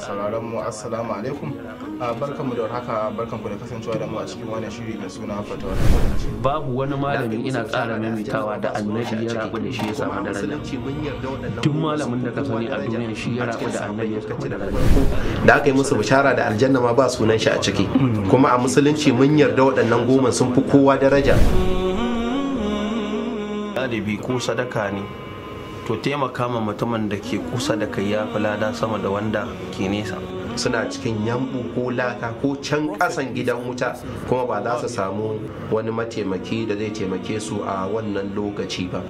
sauraron mu assalamu alaikum ah, barkanmu da warhaka barkanku da kasancewa da mu a cikin wani shiri da suna fata fatawar babu wani malami ina ƙara maimaitawa da annabi ya rabu da shi ya samu da rana duk malamin da ka sani a duniya shi ya rabu da annabi ya samu da rana da aka yi musu bishara da aljanna ma ba sunan shi a ciki kuma a musulunci mun yarda waɗannan goma sun fi kowa daraja ɗalibi ko sadaka ne to taimaka ma mutumin da ke kusa da kai ya fi lada sama da wanda ke nesa suna cikin yambu ko laka ko can kasan gidan wuta kuma ba za su samu wani mataimaki da zai taimake su a wannan lokaci ba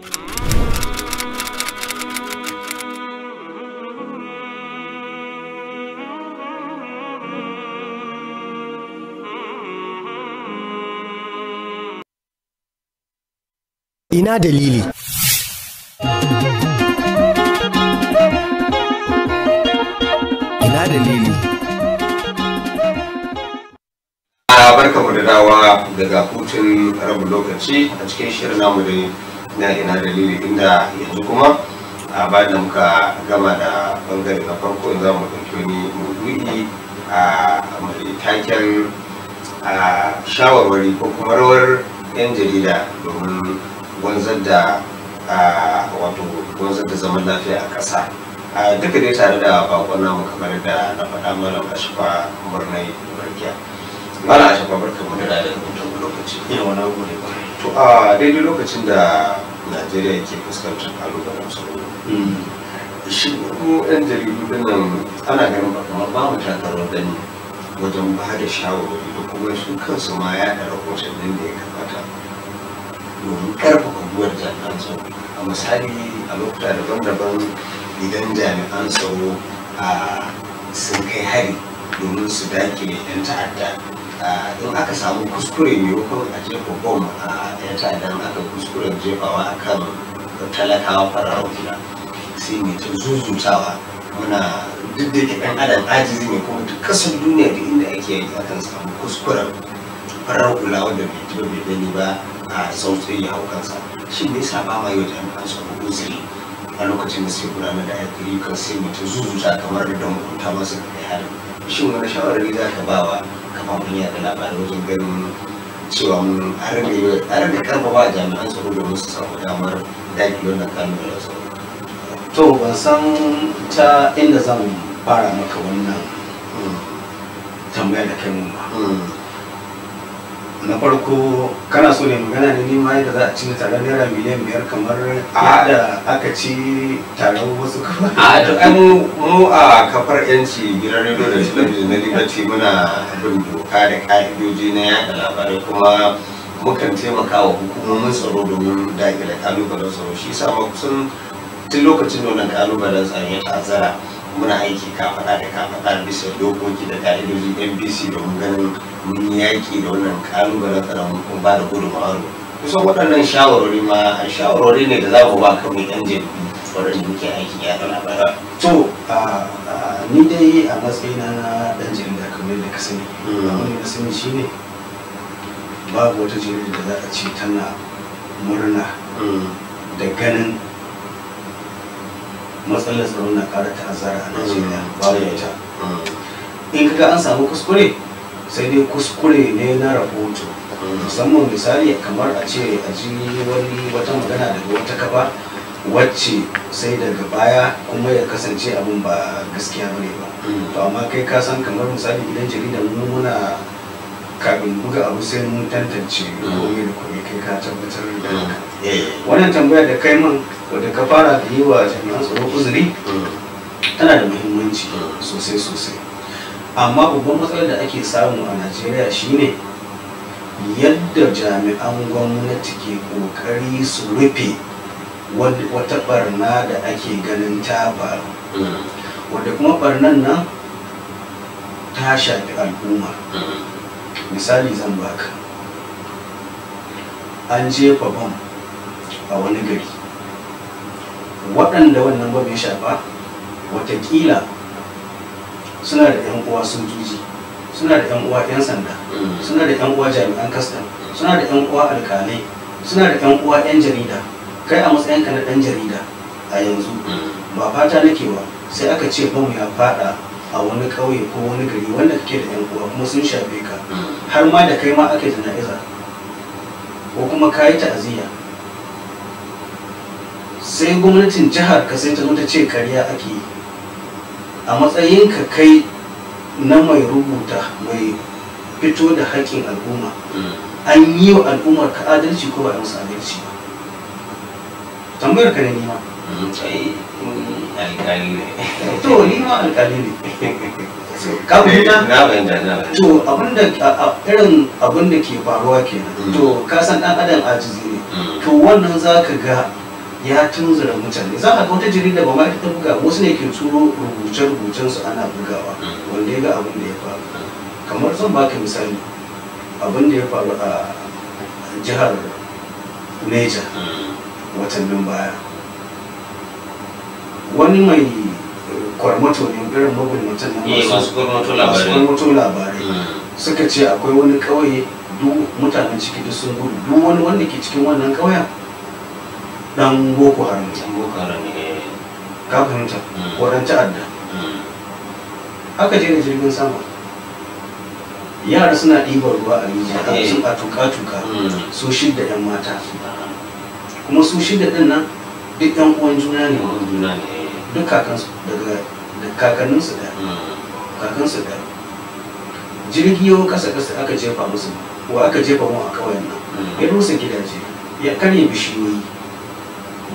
ina dalili Ina A barka mu da dawa daga hutun rabin lokaci a cikin shirin namu da na ina dalili inda yanzu kuma a bayan da muka gama da bangare na farko za mu ɗauki wani maudu'i a mai taken shawarwari ko kuma rawar 'yan jarida domin wanzar da wato wanzar da zaman lafiya a ƙasa duka dai tare da bakon namu kamar da na faɗa malam ashifa murnai barkiya malam ashifa barka mu da da mutum lokaci yawa na gode ba to a daidai lokacin da najeriya ke fuskantar kalubalen tsaro shi ko yan jaridu dinnan ana ganin ba kamar ba mu takarar gani wajen ba da shawarwari da kuma su kansu ma ya da rahotannin da ya kamata domin ƙarfafa guguwar jami'an tsaro a misali a lokuta daban-daban idan jami'an tsaro sun kai hari domin su dakile 'yan ta'adda in aka samu kuskure wakon a jefa bom a 'yan ta'adda aka kuskure jefawa a kan talakawa fararen gida sai mai ta zuzutawa muna duk da ke ɗan adam ajizi ne kuma duk kasar duniya da inda ake yi akan samu kuskuren farar kulawa wanda bai ji ba bai gani ba a sautin ya hau kansa shi ne sa ba ma yau jami'an tsaro uzuri a lokacin da sai gudanar da ayyukan sai mutum zuzuta kamar da don hukunta masa da hari shin wani shawarari za ka ba wa kafafen yaɗa labarai wajen ganin cewa mun har da karfafa jami'an tsaro da su samu damar daƙi wannan kalmar tsaro to ban san ta inda zan fara maka wannan hmm, tambaya da kai mun ba hmm. na farko kana so ne magana ne nima da za a ci na tare naira miliyan biyar kamar da aka ci taron wasu kuma a duk an mu a kafar yanci gidan rediyo da talabijin na liberty muna bin doka da ka'idoji na yaɗa labarai kuma mukan taimaka wa hukumomin tsaro domin daƙile kalubalen tsaro shi sa ma kusan tun lokacin da wannan kalubalen tsaro ya ta'azzara muna aiki kafata da kafaɗa bisa dokoki da ka'idojin da mun ganin mun yi yaƙi da wannan kalubalen tsaron kuma ba da ma'aru kusan waɗannan shawarwari ma shawarwari ne da za mu ba kanmu yan jaridu waɗanda muke aiki da labara. to ni dai a matsayina na ɗan jarida kamar yadda ka sani amma ni ka sani shi ne babu wata jarida da za a ce tana murna hmm. da ganin matsalar tsaron na ta ta'azzara a Najeriya mm. ba ya ta. Mm. In kaga an samu kuskure sai dai kuskure ne na rahoto mm. musamman misali kamar a ce a ji wani wata magana daga wata kafa wacce sai daga baya kuma ya kasance abin ba gaskiya bane ba to amma kai ka san kamar misali gidan jaridar mu muna kafin buga abu sai mun tantance mm. komai da komai kai ka tabbatar da mm. haka wannan tambaya da kai man wadda ka fara da yi wa jami'an tsaro uzuri mm. tana da muhimmanci sosai sosai amma babban matsalar da ake samu a najeriya shine yadda jami'an gwamnati ke kokari su rufe wata barna da ake ganin ta faru wadda kuma barnan nan ta shafi al'umma misali zan baka an jefa bam a wani gari waɗanda wannan bam ya shafa watakila suna da 'yan uwa sojoji suna da 'yan uwa 'yan sanda suna da 'yan uwa jami'an kastam suna da 'yan uwa alkalai suna da 'yan uwa 'yan jarida kai a matsayinka na ɗan jarida a yanzu ba fata nake ba sai aka ce bam ya fada a wani ƙauye ko wani gari wanda kake da 'yan uwa kuma sun shafe ka har ma da kai ma ake jana'iza ko kuma ka yi ta'aziyya sai gwamnatin jihar ka sai ta zo ta ce karya ake yi a matsayinka kai na mai rubuta mai fito da haƙƙin al'umma an yi wa al'ummar ka adalci ko ba a adalci ba tambayar ka ne nima Mm, alƙali ne to ni ma alƙali ne to irin abin da ke faruwa kenan mm. to ka san dan adam ne mm. to wannan zaka ga ya tunzura mutane za a ga wata jirgin da ba ma ta buga wasu ne ke turo rubuce-rubucen su ana bugawa wanda ya ga abin da ya faru kamar zan baka misali abin da ya faru a jihar Neja watannin baya wani mai kwarmato ne irin magulmatan nan eh, masu kwarmato labarai hmm. suka ce akwai wani kawai du mutanen ciki da sun gudu duk wani wanda ke cikin wannan kauyen dan boko haram ne eh. ka fahimta hmm. wadan ta'adda hmm. aka je da jirgin sama yara suna ɗibar ruwa a rijiya sun eh. a tuka-tuka su shidda yan mata ah. kuma su shidda ɗin nan duk yan uwan juna ne duk kakansu daga kakanninsu da hmm. kakansu da jirgi yau kasa kasa aka jefa musu ko aka jefa mu a kawai nan hmm. ya rusa gidaje ya karye bishiyoyi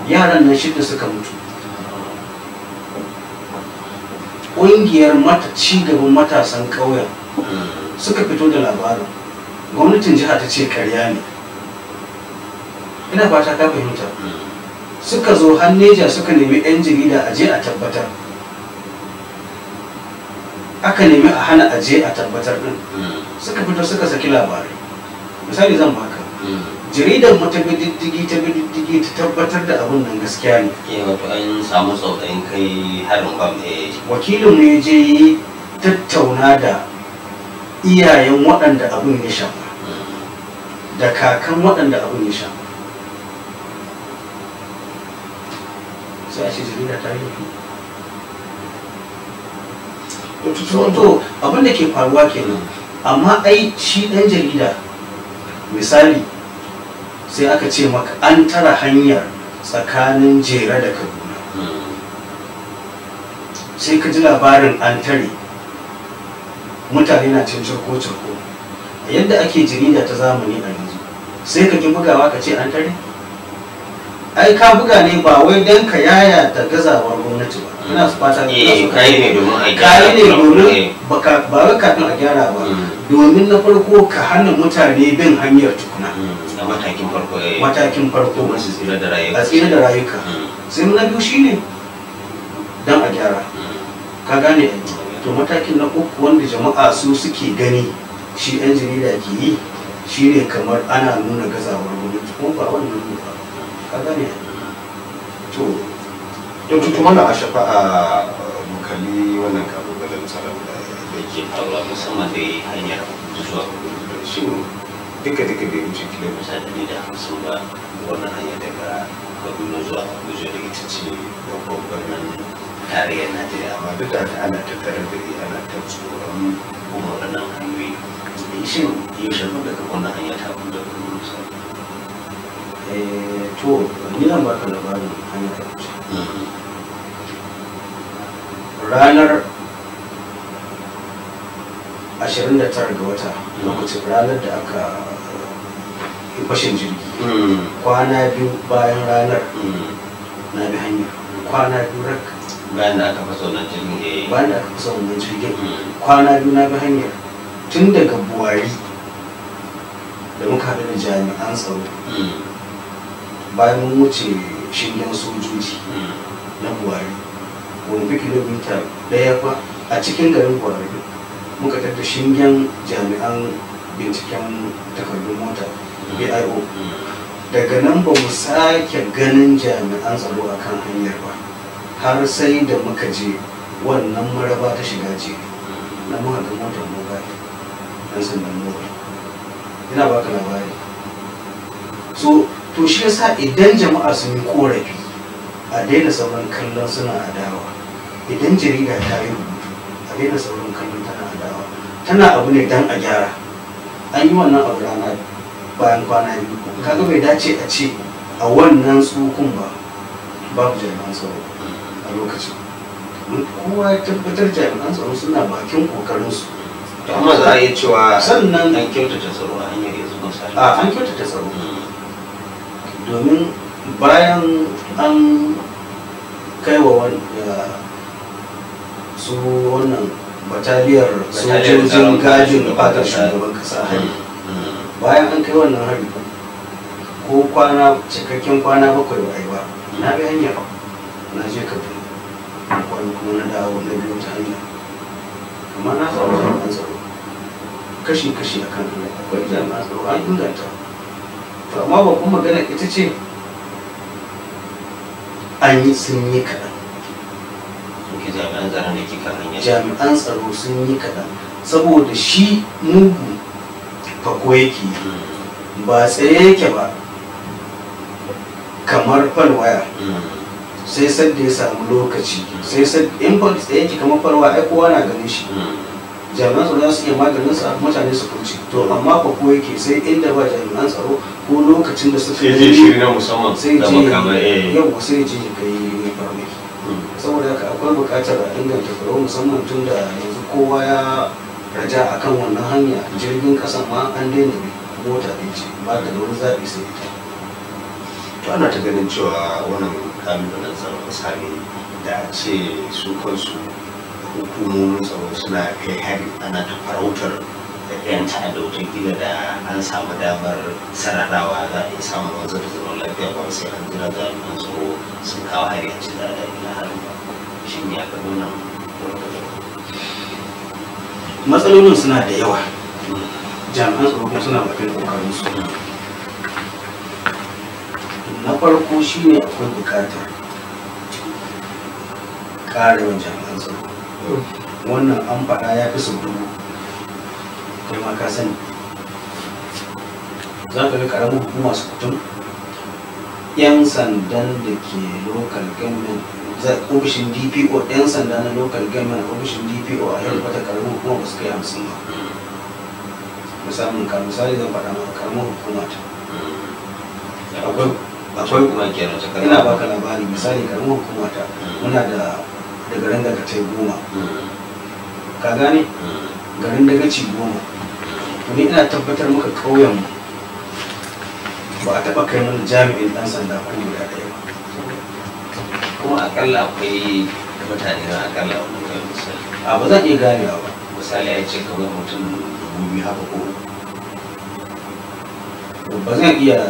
yaran nan shida suka mutu ƙungiyar mata cigaban matasan ƙauyen hmm. suka fito da labarin gwamnatin jiha ta ce karya ne ina fata ka fahimta suka zo hanneja suka nemi 'yan jarida a je a tabbatar aka nemi a hana a je a tabbatar din hmm. suka fito suka saki labarai misali zan baka hmm. jaridar mu ta bididdigi ta bididdigi ta tabbatar da abin nan gaskiya ne eh wato an samu tsautsayin kai harin bam eh wakilin mu ya yi tattauna da iyayen waɗanda abin ya shafa hmm. da kakan waɗanda abin ya shafa sai a ce ta yi abin da ke faruwa kenan amma ai shi dan jarida misali sai aka ce maka an tara hanyar tsakanin jera da kaduna sai ka ji labarin an tare mutane na cin cirko a yadda ake jarida ta zamani a yanzu sai ka ji bugawa ka ce an tare ai ka buga ne ba wai dan ka yaya ta gazawar gwamnati ba ina su fata ne eh, ka yi ne domin a gyara ne domin eh. ba ka kafin a gyara ba hmm. domin na farko ka hana mutane bin hanyar tukuna hmm. a matakin farko eh. matakin farko a tsira da rayuka hmm. sai na biyu shine dan a gyara ka gane to matakin na uku wanda jama'a su suke gani shi yan jarida ke yi shine kamar ana nuna gazawar gwamnati ko ba wannan ba kaga ne to don tutu mana a shafa a ah, mukali wannan kalubalen tsaron da yake faruwa musamman da hanyar zuwa shi duka duka bai wuce kilomita ɗari da hamsin ba wannan hanya daga kaduna zuwa abuja da ita ce babban birnin tarayyar najeriya amma duk da ana tattare da ana ta tsoron kuma hanyoyi shin yaushe mun daga wannan hanya ta abuja da kuma Eh, to ni zan baka labarin hanyar kabuce ranar 29 ga wata lokacin ranar da aka yi fashin jirgi hmm. kwana biyu bayan ranar hmm. na bi hanya kwana biyu rak bayan da aka fasa wannan jirgin eh. bayan da aka fasa wannan jirgin hmm. kwana biyu na bi hanya tun daga buwari da muka haɗu da jami'an tsaro bayan mun wuce shingen sojoji na buhari wani fi kilomita daya ba a cikin garin buhari muka tattara shingen jami'an binciken takardun mota bio daga nan ba mu sake ganin jami'an tsaro a kan hanyar ba har sai da muka je wannan maraba ta shiga ce na muka motar mobile ɗan sandan mota. ina baka labari so to shi yasa idan jama'a sun yi korafi a daina sauran kallon suna adawa idan jarida ta yi rubutu a daina sauran kallon tana adawa tana abu ne dan a gyara an yi wannan abu rana bayan kwana biyu kaga bai dace a ce a wannan tsukun ba babu jami'an tsaro a lokacin kowa ya tabbatar jami'an tsaro suna bakin kokarinsu to amma za a iya cewa sannan an kyautata tsaro a hanyar yanzu misali a an kyautata tsaro domin bayan an kai wa su wannan bataliyar sojojin gajin fatar shugaban kasa hari hmm. bayan an kai wannan hari ko kwana cikakken kwana bakwai ba ba hmm. na bi hanya na je fi kwanu kuma na dawo na biyu ta hanya amma na samu jami'an tsaro kashi-kashi a kan akwai jami'an tsaro an inganta to amma babban magana ita ce an yi sun yi kaɗan jami'an tsaro sun yi kaɗan saboda shi mugu fako yake hmm. ba tsaye yake ba kamar falwaya hmm. sai sadda ya samu lokaci hmm. sai sadda in ba tsaye yake kamar falwaya ai kowa na ganin shi jami'an tsaro za su iya maganin sa mutane su kauce to amma ba ko yake sai inda ba jami'an tsaro ko lokacin da suka yi shiri na musamman sai je eh. yau sai je ya kai ne farmaki hmm. saboda haka akwai buƙatar a inganta tsaro musamman tun da yanzu kowa ya raja akan wannan hanya jirgin kasan ma an daina mota ɗin ce ba da wani zaɓi sai ita to ana ta ganin cewa wannan kalubalen tsaro misali da ce su kansu hukumomin tsaro suna kai hari ana ta farautar da yan ta'adda gida da an samu damar sararawa za a yi samun wanzu da zaman lafiya ba sai an jira jami'an tsaro sun kawo hari a ci da ila harin ba shin ya ga wannan matsalolin suna da yawa jami'an tsaro kuma suna bakin kokarin su na farko shi shine akwai bukatar ƙarin jami'an wannan an faɗa ya fi sau dubu kai ma ka sani za ka ga karamin hukuma su kutum yan sandan da ke local government ofishin dpo yan sanda na local government ofishin dpo a yau wata karamin hukuma ba su kai hamsin ba musamman ka misali zan faɗa ma karamin hukuma ta akwai akwai kuma kenan ina baka labari misali karamin hukuma ta muna da da garin daga tai goma hmm. ka gane hmm. garin daga ci goma ni ina tabbatar maka ƙauyen mu ba a taɓa kai mana jami'in ɗan sanda ko guda ɗaya ba kuma akalla akwai mutane na akalla a wani ƙauyen misali a ba zan iya ganewa ba misali ya ce kamar mutum dubu biyu haka ko ba zan iya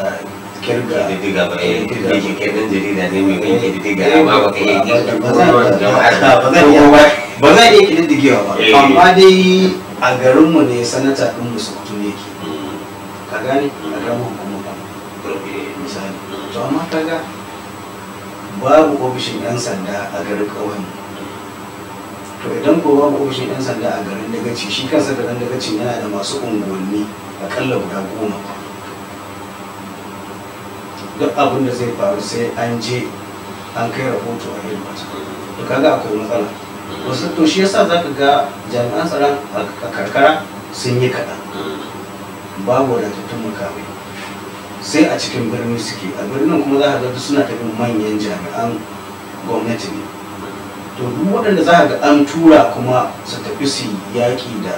kirga ba eh yake kai dan jarida ne mai bin kididdiga amma ba ka iya ba zan iya kididdigewa ba amma dai a garinmu ne sanata ɗin musukutu yake ka gane a garin hukumar misali to amma ka ga babu ofishin 'yan sanda a garin ƙauyen to idan ko babu ofishin 'yan sanda a garin dagaci shi kansa da ɗan dagacin yana da masu unguwanni akalla guda goma duk abin da zai faru sai an je an kai rahoto a headmaster to kaga akwai matsala wasu to shi yasa zaka ga jami'an tsaron a karkara sun yi kaɗan babu wadatattun makamai sai a cikin birni suke a birnin kuma za ka ga suna tafi manyan jami'an gwamnati ne to duk waɗanda za ka ga an tura kuma su tafi su yaƙi da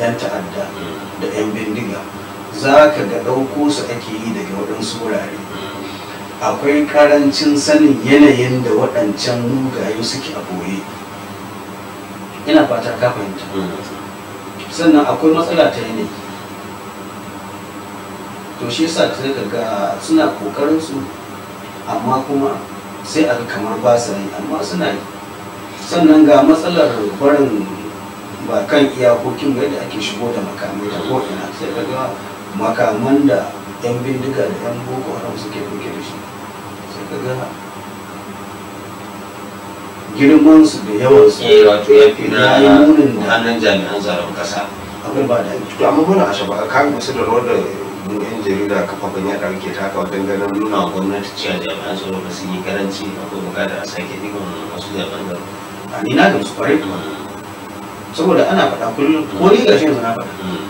'yan ta'adda da 'yan bindiga za ka ga ɗauko su ake yi daga waɗansu wurare akwai karancin sanin yanayin da waɗancan mugaye suke a boye ina fata ka fahimta sannan akwai matsala ta yanayi to shi yasa sai ga suna kokarin su amma kuma sai a kamar ba su yi amma suna yi sannan ga matsalar barin ba kan iyakokin da ake shigo da makamai da ko'ina sai ga makaman da yan bindiga da yan boko haram suke buke da shi sai ka ga girman su da yawan su eh, wato ya fi na munin da hannun jami'an tsaron kasa abin ba da to amma muna a shaba kan su da rawar da mu yan jarida kafafen yaɗa ke taka wajen ganin nuna gwamnati cewa jami'an tsaro ba su yi karanci akwai bukatar a sake digon wasu jami'an tsaro a ni na gamsu kwarai da wannan saboda ana faɗa kullum ko ni ƙarshen su na faɗa mm.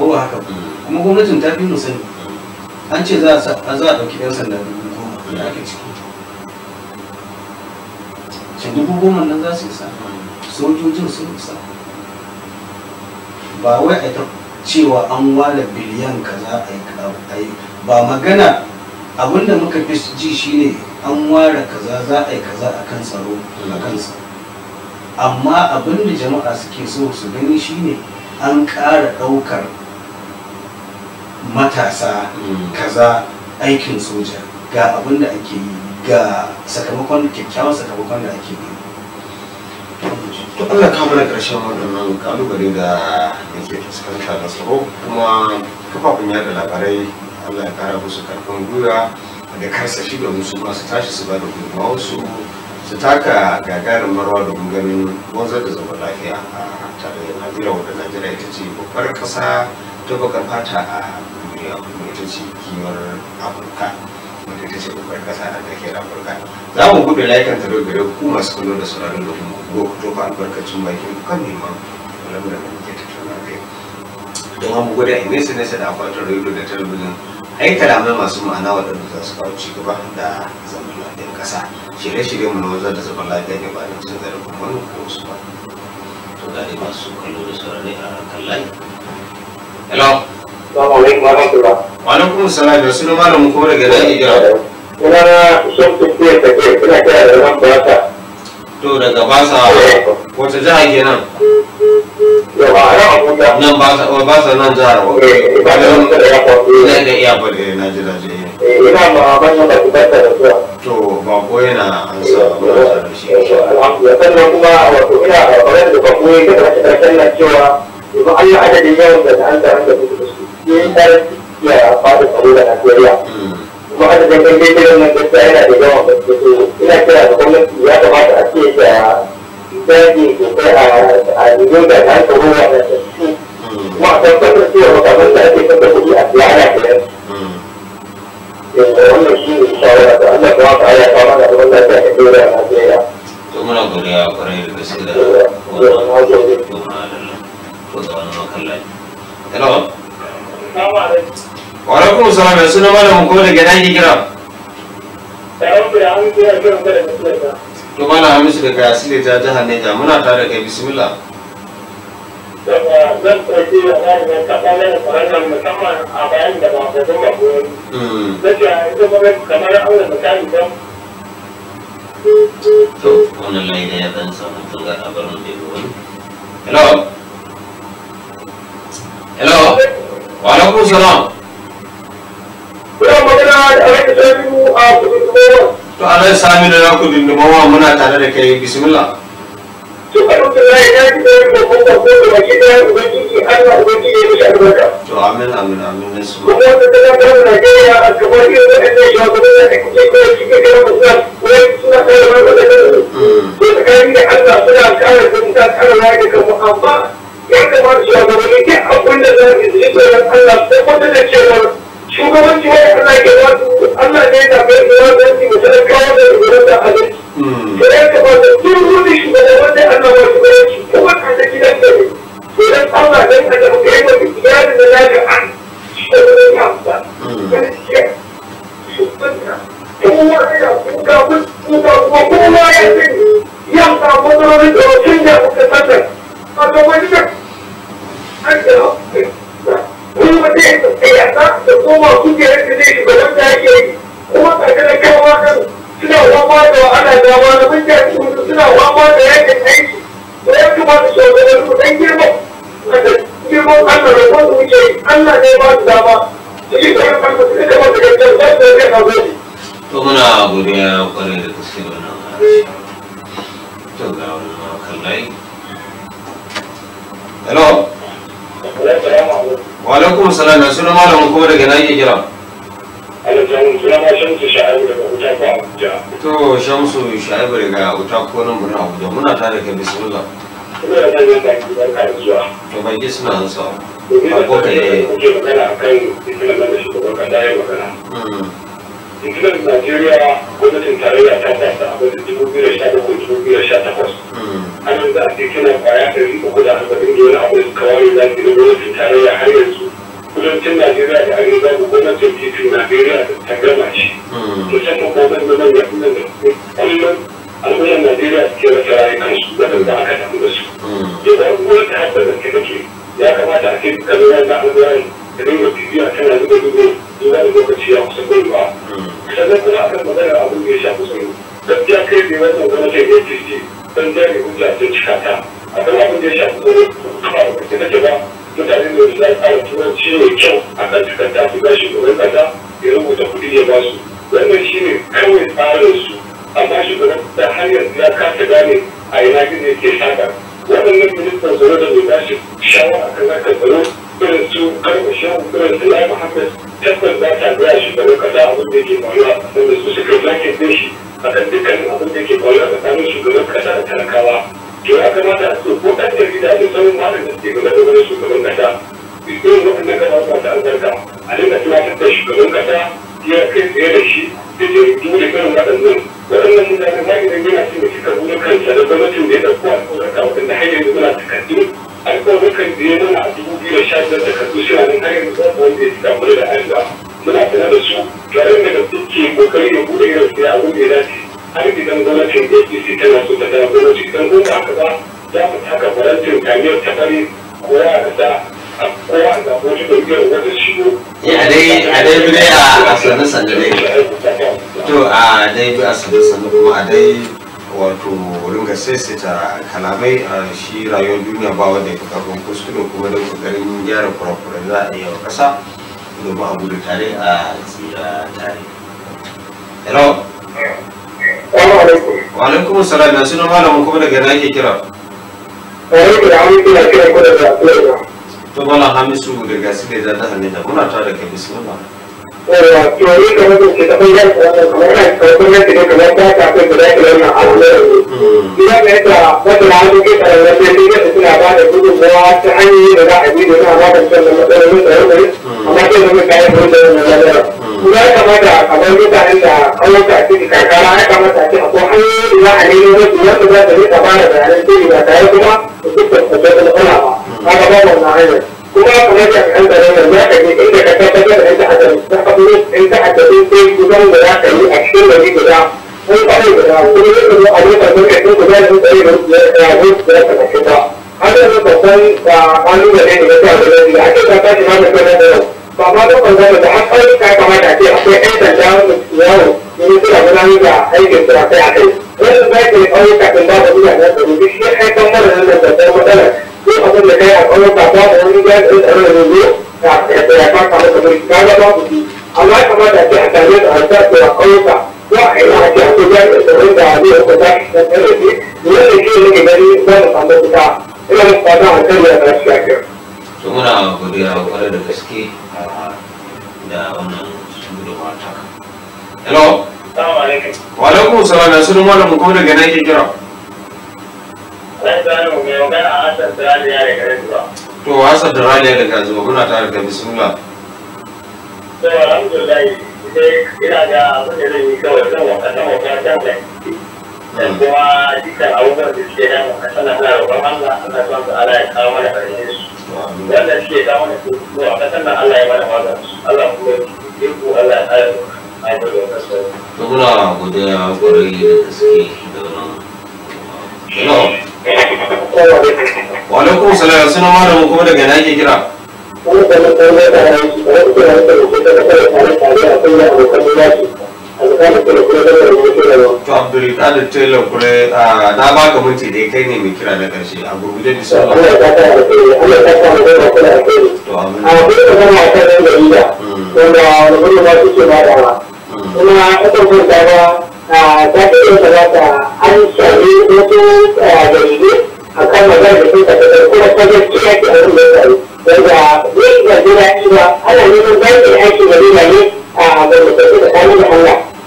ko ba haka mm. kuma gwamnatin ta fi mu sani an ce za a ɗauki 'yan sanda dubu goma da ake ciki shi dubu goma nan za su isa sojojin sun isa ba wai a ta cewa an ware biliyan kaza a yi ba magana abinda muka fi ji shine an ware kaza za a yi kaza a kan tsaro a kansa amma abinda jama'a suke so su gani shine an ƙara ɗaukar matasa mm. kaza aikin soja ga abin da ake yi ga sakamakon kyakkyawan sakamakon da ake yi to Allah ka mana karshen waɗannan kalubale da yake fuskanta da tsaro kuma kafafen yada labarai Allah ya kara musu karfin gwiwa da karsa shi da musu masu tashi su ba da gudunmawarsu su taka gagarin marwa domin ganin wanzar da zama lafiya a tare da Najeriya wadda Najeriya ita ce babbar ƙasa ta fata a duniya kuma ita ce kimar afirka wanda ita ce babbar kasa da ke afirka za mu buɗe layukan taro gare ku masu kallo da sauraron da kuma ko ku tofa albarkacin bakin kan neman lamarin da muke tattauna kai don hamu gwada nesa nesa da akwatin rediyo da talabijin ai kalamai masu ma'ana waɗanda za su kawo ci gaba da zaman lafiyar ƙasa shirye-shirye mu na wajen da zaman lafiya ne ba da cin zarafin wani ko ba to masu kallo da saurare a kan alaikum salam ko daga ina na son tafiya ta kai ina kira da ba baraka to daga sa, wata jiha ke nan ba sa nan jihar ba ina da iya ba da ina ma ban yana da zuwa to ba ko yana an sa ba da shi ya sannan kuma wato ina a da ba ko yake da ta kallon cewa يبقى أي عدد ما يوجد أنت عندك في مثال يا قادة طويلة أكواريا وعدد من كيف لما تستعين بجواب إلى كده بقول يا تبعت أكيد تاني اليوم ده أنت هو ما تفكر فيه وتعمل تأتي فتكون دي أكلانك وهم شيء إن شاء الله تعالى واقع يا كمان أقول لك يا كبيرة يا كبيرة ثم نقول يا قريب بس كده والله ko tsawon lokan layi hello wa alaikum salam ya suna malamin ko daga nan ki kira to malam hamisu daga asile ta jihar muna tare da kai bismillah zan ɗauki da ɗalibin kafa mai da musamman a bayan da ba ta zama goyi. Zai ya yi zama kamar aure misali don to wannan layi ya dan samu tunga a barin da wani hello hello wa alaikum salam kuna magana da alhaji saminu a kudin dumawa to alhaji saminu na kudin dumawa muna tare da kai bismillah to amin amin amin ne su kuma da ta ga da ke ya kamar irin da ya ga da ke ko shi ke da musa ko suna kai da da ko kai da Allah suna kare da ta kare da kuma amma wani mutane su suna da yake aiki da ya kamata su dan girma da girman Allah da kuma Allah ne ba su dama yi da su da kuma da gaskiyar ba su da To muna godiya kwarai da gaske wannan to ga wani makallai. Hello. Wa alaikum malamin kuma daga kira. alasan suna ma shamsu sha'ibu daga utako abuja shamsu nan muna abuja muna tare ka bismillah ina da manyan barka suna hansa magana a kan da ya magana Jikinan najeriya gwamnatin tarayya ta tasa a wajen dubu biyu da sha dubu biyu da sha takwas an za a fitinan kwaya ɗari uku da arba'in da wani abu da suka ware za su gwamnatin hmm. tarayya har hmm. yanzu hmm. na yi da gwamnatin titin Najeriya ta gama shi. Kusan da kuma da manya kuma da kullum al'ummar Najeriya ke rasa rayukansu waɗanda aka damu da su. Yadda kuma ta haɗa da ke take ya kamata a ce kalmar da al'ummar da dinga bibiya tana zuba dubu da lokaci ya kusa gwiwa. da kuma akan maganar abin da ya shafi tsaro. Gaskiya kai ne wannan gwamnatin APC don jari hujja sun cika ta. Akan abin da ya shafi tsaro ba ba. mutane da za a yi turanci mai kyau a kan takarda su ga shugaban kasa ya rubuta kuɗi ya basu wannan shi ne kawai tsarin su amma shugaban da har yanzu ya kasa gane a ina ne ke saka waɗannan ministan tsaro da bai bashi shawara a kan harkar tsaro irin su karfa shahu irin su lai muhammad tabbas za ta gaya shugaban kasa abin da ke faruwa wanda su suka zake ɗin shi a kan dukkanin abin da ke faruwa tsakanin shugaban kasa da talakawa to ya kamata a ce ko shi da ake sanin ba da gaske game da wani shugaban kasa irin waɗannan kasa su da albarka a nan da tunatar da shugaban kasa ya kai tsaye da shi da je dole karin waɗannan waɗannan mutane ma idan yana cin da suka zuwa kansa da gwamnatin da ya ɗauko alƙawarka waɗanda har yanzu muna takardu alƙawarkan da ya nuna a dubu biyu da sha biyar da karɓi suna nan har yanzu babu wanda ya cika mana da arewa muna tare da su tare da suke kokari da buɗe irin su ya abu da ya dace har idan gwamnatin APC tana so ta tara gwamnati idan gwamnati aka ba za mu taka farantin kariyar ta kowa da da kowa da wani da biyar wata shigo. ya eh, dai a dai bi dai a sannu sannu dai to a dai bi a sannu sannu kuma a dai wato ringa saisaita kalamai a shi rayuwar duniya ba wanda ya fi karfin kuskure kuma da kokarin gyara kurakurai za a iya kasa domin a gudu tare a tsira tare. Hello. Wa alaikum salam na sunan malamin kuma daga na ke kira. Tukola hamisu mudegasikiza hata hanenda kuna tare kabisa wala. Tukola kama tukitakwenda tunaona tunakwenda tunakwenda hapo bila kuona hapo. Bila kwenda hapo tunaanza kwa tunatendea tunabada kudu kwa hata hani ndio hapo ndio hapo tunakwenda tunakwenda tunakwenda tunakwenda tunakwenda tunakwenda tunakwenda tunakwenda ya kamata kamar mutanen da ƙauyuka da karkara ya kamata a ko akwai hanyoyi za a nemo wasu wanda za ta rika bada bayanan sirri ba tare kuma su fuskanta da matsala ba ka ba wannan hanyar kuma kamar da kan tsaron nan za ka je inda ka tabbatar da inda aka ta faɗo in ta addabi sai kusan da za ka yi a cikin gari guda sun ƙwarai guda kuma zai zo a lokacin da sun guda sun ƙwarai da su da su da su ba. Hanyar da babban ah, ƙalubale ne ga sa da ake ya tashi ma da sanar da yau. ba ma lokacin zama da an ka ta kamata ce akwai ɗan sanda wanda yawo ne suna gudanar da aikin su kai a kai wannan ba ke ƙauyuka kan ba da mutane da shi ya haifar mana nan da babbar matsala ko abin da kai a ƙauyuka ba da wani gani ɗin tsaron da zo da ya faka masa mulki ka ga babu shi amma ya kamata ce a same da an sa a ƙauyuka ko a yi a ce akwai gani ɗin da yi kwata da tsaron shi wannan shi ne ke gani ba mu samu fita ina da fata a kan da ya to muna godiya kwarai da gaske hawa da wannan su da mata hello salamu alaikum wa alaikum salam da sunan malamin ko daga nan ke kira to asar da raliya da ka zuwa kuna tare da bismillah alhamdulillah ina ga abin da zan yi kawai zan waka zan waka zan waka hmm. kuma dukkan abubuwan da suke nan a sanar da roƙon Allah Allah ala ya kawo mana ƙarshen wannan shi ya da mana ko a kasan nan Allah ya magana Allah kuma ya ko Allah ya da kasar godiya da da wannan wa alaikum salam sunan malamu kuma daga yake kira Wani da mutane wani da wani da wani da wani da wani da wani da wani da da wani da wani da wani da wani da wani da wani da wani da wani da wani da wani da wani da wani wani da wani da wani da wani da wani da wani da wani da da wani da wani da wani da wani da wani to abdulkadir taylor kure na ba ka minti dai kai ne mai kira na karshe a gurguje da wanda wani gudu ba hmm. a kan magana da sun tafi da kuma ta da ya ne a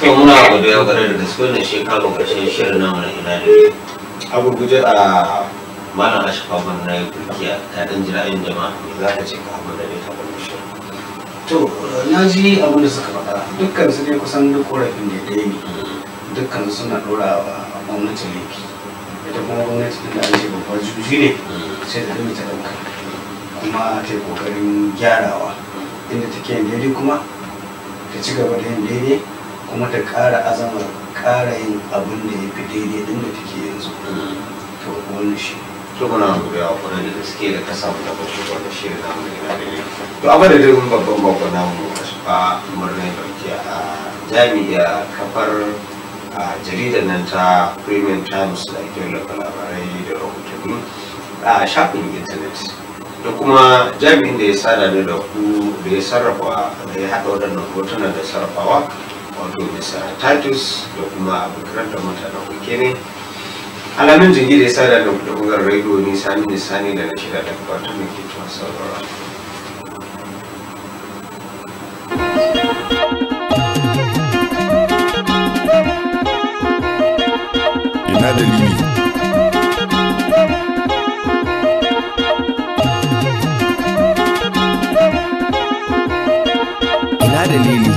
to muna godiya kwarai da gaske wannan shekara kamun shirin namu na ina dare a gurguje a malam ashafa ban na yi kulkiya ta dan jira'in jama'a me za ka ce ka abin da ne ta kwallo shi to na ji abin da suka faɗa dukkan su ne kusan duk korafin da ya ne dukkan suna ɗora wa gwamnati laifi ita kuma gwamnati da an ce babbar juji ne sai da ta ɗauka kuma ta yi ƙoƙarin gyarawa inda take yin daidai kuma ta ci gaba da yin daidai kuma ta ƙara azamar ƙara yin abin da ya fi daidai din da take yanzu to wani shi to kuna gobewa kuna da suke da ka samu da bashi da shi na mu ne ne to abin da dai mun babban bako na mu a murnai barki a jami'a kafar a jaridar nan ta premium times da ake labarai da rahotanni a shafin intanet da kuma jami'in da ya sada da ku da ya sarrafa da ya haɗa waɗannan na da sarrafawa wato bisa titus da kuma abokan da mata na kuke ne alamin jirgi da ya sada da bugar rediyo ne sani da sani da na shiga da gabatar mai ke tuwa saurara ina dalili ina dalili